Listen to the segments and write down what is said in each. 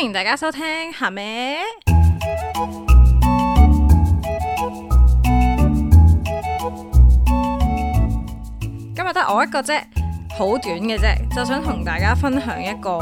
歡迎大家收聽，係咩？今日得我一個啫，好短嘅啫，就想同大家分享一個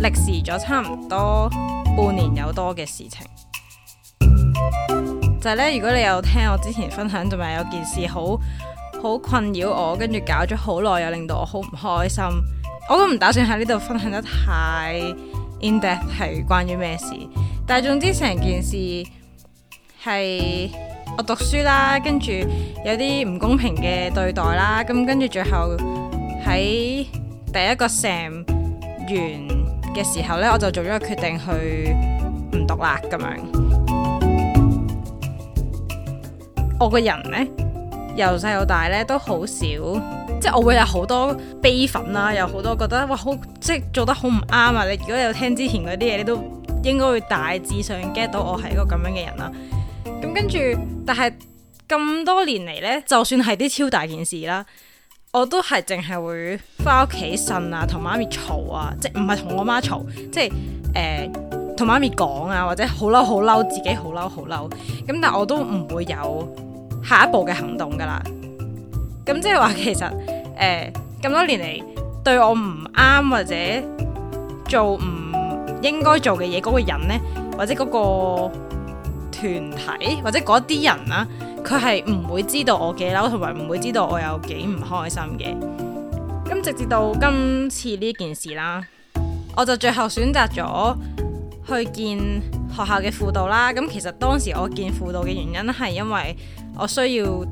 歷時咗差唔多半年有多嘅事情。就係咧，如果你有聽我之前分享，同埋有件事好好困擾我，跟住搞咗好耐，又令到我好唔開心，我都唔打算喺呢度分享得太。in death 係關於咩事，但係總之成件事係我讀書啦，跟住有啲唔公平嘅對待啦，咁跟住最後喺第一個 sem 完嘅時候呢，我就做咗個決定去唔讀啦咁樣。我個人呢，由細到大呢，都好少。即係我會有好多悲憤啦、啊，有好多覺得哇好，即係做得好唔啱啊！你如果有聽之前嗰啲嘢，你都應該會大致上 get 到我係一個咁樣嘅人啦、啊。咁跟住，但係咁多年嚟呢，就算係啲超大件事啦、啊，我都係淨係會翻屋企呻啊，同媽咪嘈啊，即係唔係同我媽嘈，即係誒同媽咪講啊，或者好嬲好嬲，自己好嬲好嬲。咁但係我都唔會有下一步嘅行動噶啦。咁即係話，其實誒，咁多年嚟，對我唔啱，或者做唔應該做嘅嘢，嗰個人呢，或者嗰個團體或者嗰啲人啦，佢係唔會知道我幾嬲，同埋唔會知道我有幾唔開心嘅。咁直至到今次呢件事啦，我就最後選擇咗去見學校嘅輔導啦。咁其實當時我見輔導嘅原因係因為我需要。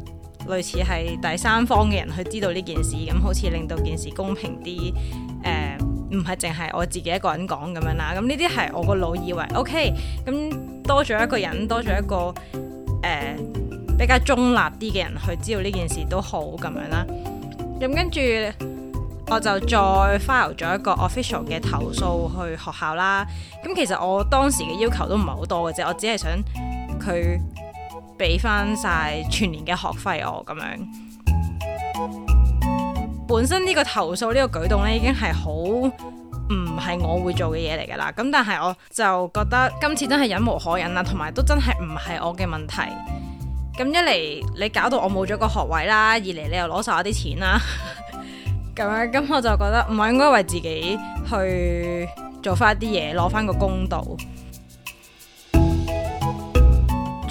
類似係第三方嘅人去知道呢件事，咁好似令到件事公平啲。誒、呃，唔係淨係我自己一個人講咁樣啦。咁呢啲係我個腦以為 OK。咁多咗一個人，多咗一個誒、呃、比較中立啲嘅人去知道呢件事都好咁樣啦。咁跟住我就再 file 咗一個 official 嘅投訴去學校啦。咁其實我當時嘅要求都唔係好多嘅啫，我只係想佢，俾翻晒全年嘅學費我咁樣，本身呢個投訴呢，這個舉動呢，已經係好唔係我會做嘅嘢嚟噶啦，咁但係我就覺得今次真係忍無可忍啦，啊，同埋都真係唔係我嘅問題。咁一嚟你搞到我冇咗個學位啦，二嚟你又攞晒我啲錢啦，啊，咁樣咁我就覺得唔係應該為自己去做翻啲嘢，攞翻個公道。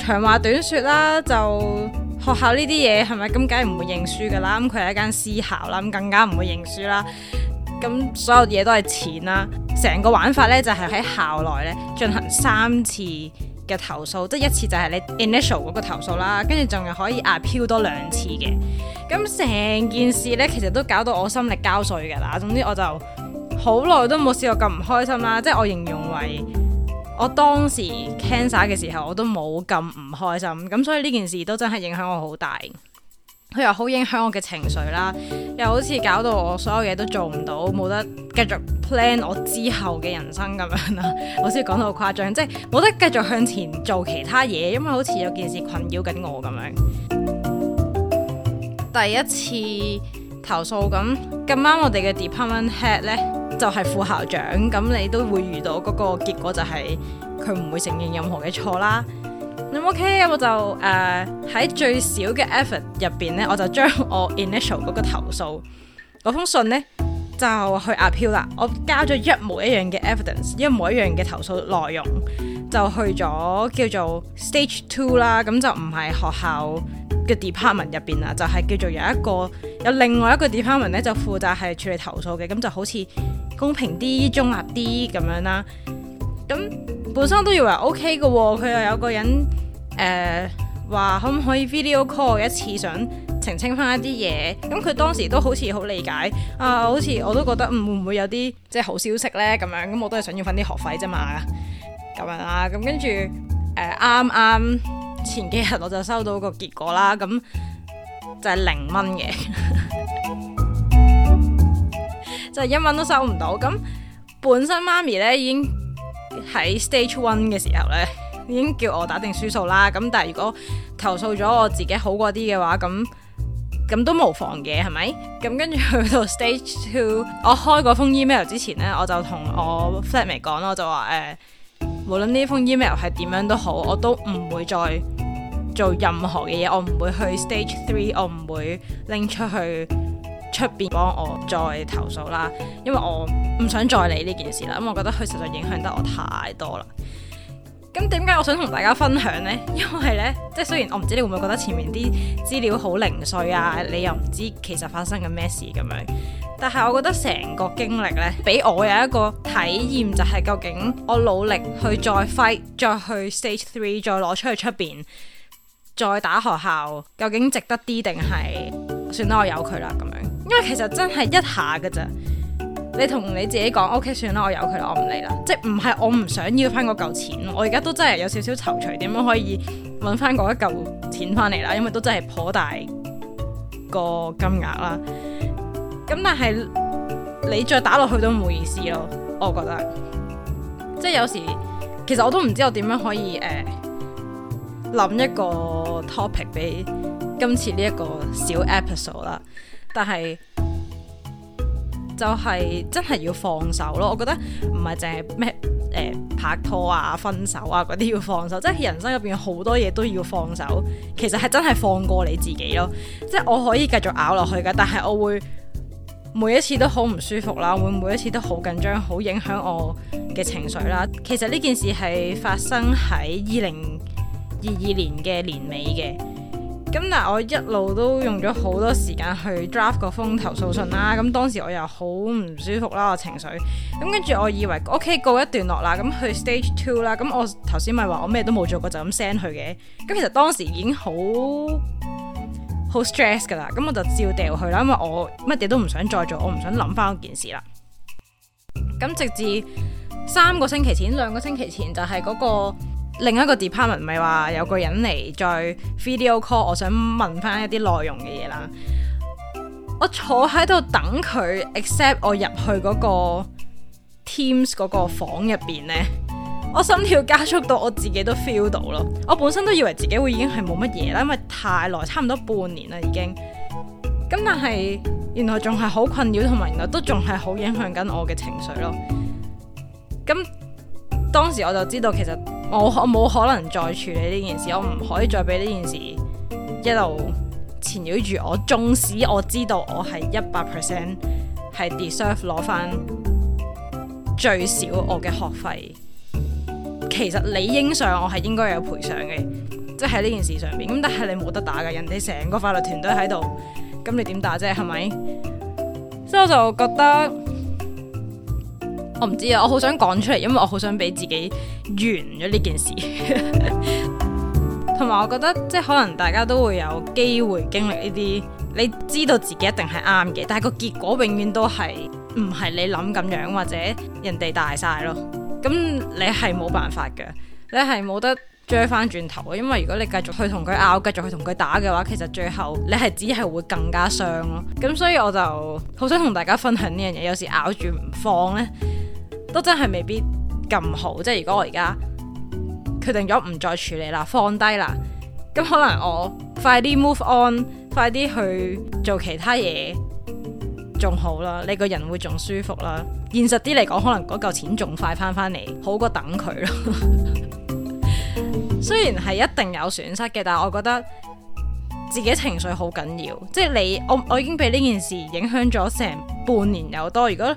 長話短說啦，就學校呢啲嘢係咪咁梗係唔會認輸噶啦？咁佢係一間私校啦，咁更加唔會認輸啦。咁所有嘢都係錢啦，成個玩法呢，就係喺校內咧進行三次嘅投訴，即係一次就係你 initial 嗰個投訴啦，跟住仲係可以 appeal 多兩次嘅。咁成件事呢，其實都搞到我心力交瘁噶啦。總之我就好耐都冇試過咁唔開心啦，即係我形容為。我當時 cancer 嘅時候，我都冇咁唔開心，咁所以呢件事都真係影響我好大。佢又好影響我嘅情緒啦，又好似搞到我所有嘢都做唔到，冇得繼續 plan 我之後嘅人生咁樣啦。 我先講到誇張，即係冇得繼續向前做其他嘢，因為好似有件事困擾緊我咁樣。 第一次投訴咁，咁啱，我哋嘅 department head 呢，就係副校長咁，你都會遇到嗰個結果就係佢唔會承認任何嘅錯啦。咁 OK，咁我就誒喺、呃、最少嘅 effort 入邊呢，我就將我 initial 嗰個投訴嗰封信呢，就去 appeal 啦。我交咗一模一樣嘅 evidence，一模一樣嘅投訴內容就去咗叫做 stage two 啦。咁就唔係學校嘅 department 入邊啦，就係、是、叫做有一個有另外一個 department 呢，就負責係處理投訴嘅，咁就好似。公平啲、中立啲咁樣啦，咁本身都以為 O K 嘅喎，佢又有個人誒話、呃、可唔可以 video call 一次，想澄清翻一啲嘢。咁佢當時都好似好理解啊，好似我都覺得唔會唔會有啲即係好消息呢。咁樣。咁我都係想要返啲學費啫嘛，咁樣啦。咁跟住誒啱啱前幾日我就收到個結果啦，咁就係零蚊嘅。 就一蚊都收唔到，咁本身媽咪咧已經喺 stage one 嘅時候咧，已經叫我打定輸數啦。咁但係如果投訴咗我自己好過啲嘅話，咁咁都無妨嘅係咪？咁跟住去到 stage two，我開嗰封 email 之前咧，我就同我 flatmate 講，我就話誒、呃，無論呢封 email 係點樣都好，我都唔會再做任何嘅嘢，我唔會去 stage three，我唔會拎出去。出邊幫我再投訴啦，因為我唔想再理呢件事啦，咁我覺得佢實在影響得我太多啦。咁點解我想同大家分享呢？因為呢，即係雖然我唔知你會唔會覺得前面啲資料好零碎啊，你又唔知其實發生緊咩事咁樣，但係我覺得成個經歷呢，俾我有一個體驗就係究竟我努力去再 fight，再去 stage three，再攞出去出邊，再打學校，究竟值得啲定係算啦，我由佢啦因為其實真係一下噶咋，你同你自己講，OK，算啦，我由佢啦，我唔理啦。即係唔係我唔想要翻嗰嚿錢，我而家都真係有少少躊躇，點樣可以搵翻嗰一嚿錢翻嚟啦？因為都真係頗大個金額啦。咁但係你再打落去都唔好意思咯，我覺得即係有時其實我都唔知我點樣可以誒諗、呃、一個 topic 俾今次呢一個小 episode 啦。但係就係、是、真係要放手咯，我覺得唔係淨係咩誒拍拖啊、分手啊嗰啲，要放手，即係人生入邊好多嘢,都要放手，其實係真係放過你自己咯。即係我可以繼續咬落去噶但係我會每一次都好唔舒服啦，會每一次都好緊張，好影響我嘅情緒啦。其實呢件事係發生喺二零二二年嘅年尾嘅。咁但係我一路都用咗好多時間去 draft 個風投訴信啦，咁當時我又好唔舒服啦我情緒，咁跟住我以為 OK 告一段落啦，咁去 stage two 啦，咁我頭先咪話我咩都冇做過就咁 send 佢嘅，咁其實當時已經好好 stress 噶啦，咁我就照掉去啦，因為我乜嘢都唔想再做，我唔想諗翻件事啦。咁直至三個星期前，兩個星期前就係嗰個。另一個 department 咪話有個人嚟再 video call，我想問翻一啲內容嘅嘢啦。我坐喺度等佢 accept 我入去嗰個 Teams 嗰個房入邊呢，我心跳加速到我自己都 feel 到咯。我本身都以為自己會已經係冇乜嘢啦，因為太耐，差唔多半年啦已經。咁但係原來仲係好困擾，同埋原來都仲係好影響緊我嘅情緒咯。咁當時我就知道其實。我我冇可能再處理呢件事，我唔可以再俾呢件事一路纏繞住我。縱使我知道我係一百 percent 係 deserve 攞翻最少我嘅學費，其實理應上我係應該有賠償嘅，即係喺呢件事上面。咁但係你冇得打㗎，人哋成個法律團隊喺度，咁你點打啫？係咪？所以我就覺得，我唔知啊，我好想講出嚟，因為我好想俾自己。完咗呢件事，同埋我覺得即係可能大家都會有機會經歷呢啲，你知道自己一定係啱嘅，但係個結果永遠都係唔係你諗咁樣或者人哋大晒咯，咁你係冇辦法嘅，你係冇得追翻轉頭，因為如果你繼續去同佢拗，繼續去同佢打嘅話，其實最後你係只係會更加傷咯。咁所以我就好想同大家分享呢樣嘢，有時拗住唔放呢，都真係未必。咁好，即係如果我而家決定咗唔再處理啦，放低啦，咁可能我快啲 move on，快啲去做其他嘢，仲好啦，你個人會仲舒服啦。現實啲嚟講，可能嗰嚿錢仲快翻翻嚟，好過等佢咯。 雖然係一定有損失嘅，但係我覺得自己情緒好緊要，即係你我我已經俾呢件事影響咗成半年有多，如果。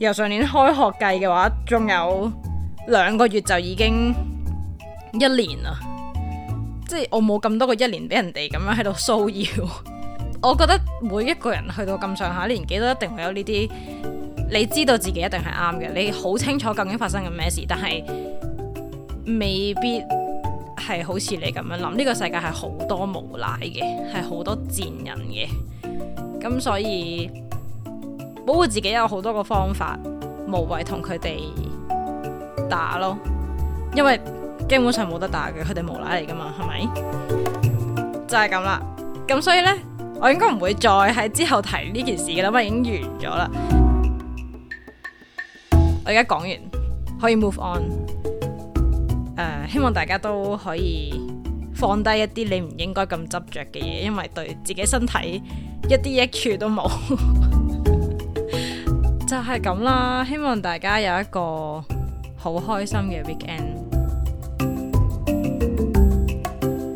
由上年開學計嘅話，仲有兩個月就已經一年啦。即係我冇咁多個一年俾人哋咁樣喺度騷擾。 我覺得每一個人去到咁上下年紀，都一定會有呢啲。你知道自己一定係啱嘅，你好清楚究竟發生緊咩事，但係未必係好似你咁樣諗。呢個世界係好多無賴嘅，係好多賤人嘅。咁所以。保護自己有好多個方法，無謂同佢哋打咯，因為基本上冇得打嘅，佢哋無賴嚟噶嘛，係咪？就係咁啦，咁所以呢，我應該唔會再喺之後提呢件事嘅啦嘛，因為已經完咗啦。我而家講完可以 move on，uh, 希望大家都可以放低一啲你唔應該咁執着嘅嘢，因為對自己身體一啲益處都冇。 就係咁啦，希望大家有一個好開心嘅 weekend。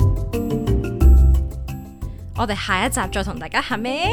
我哋下一集再同大家合咩？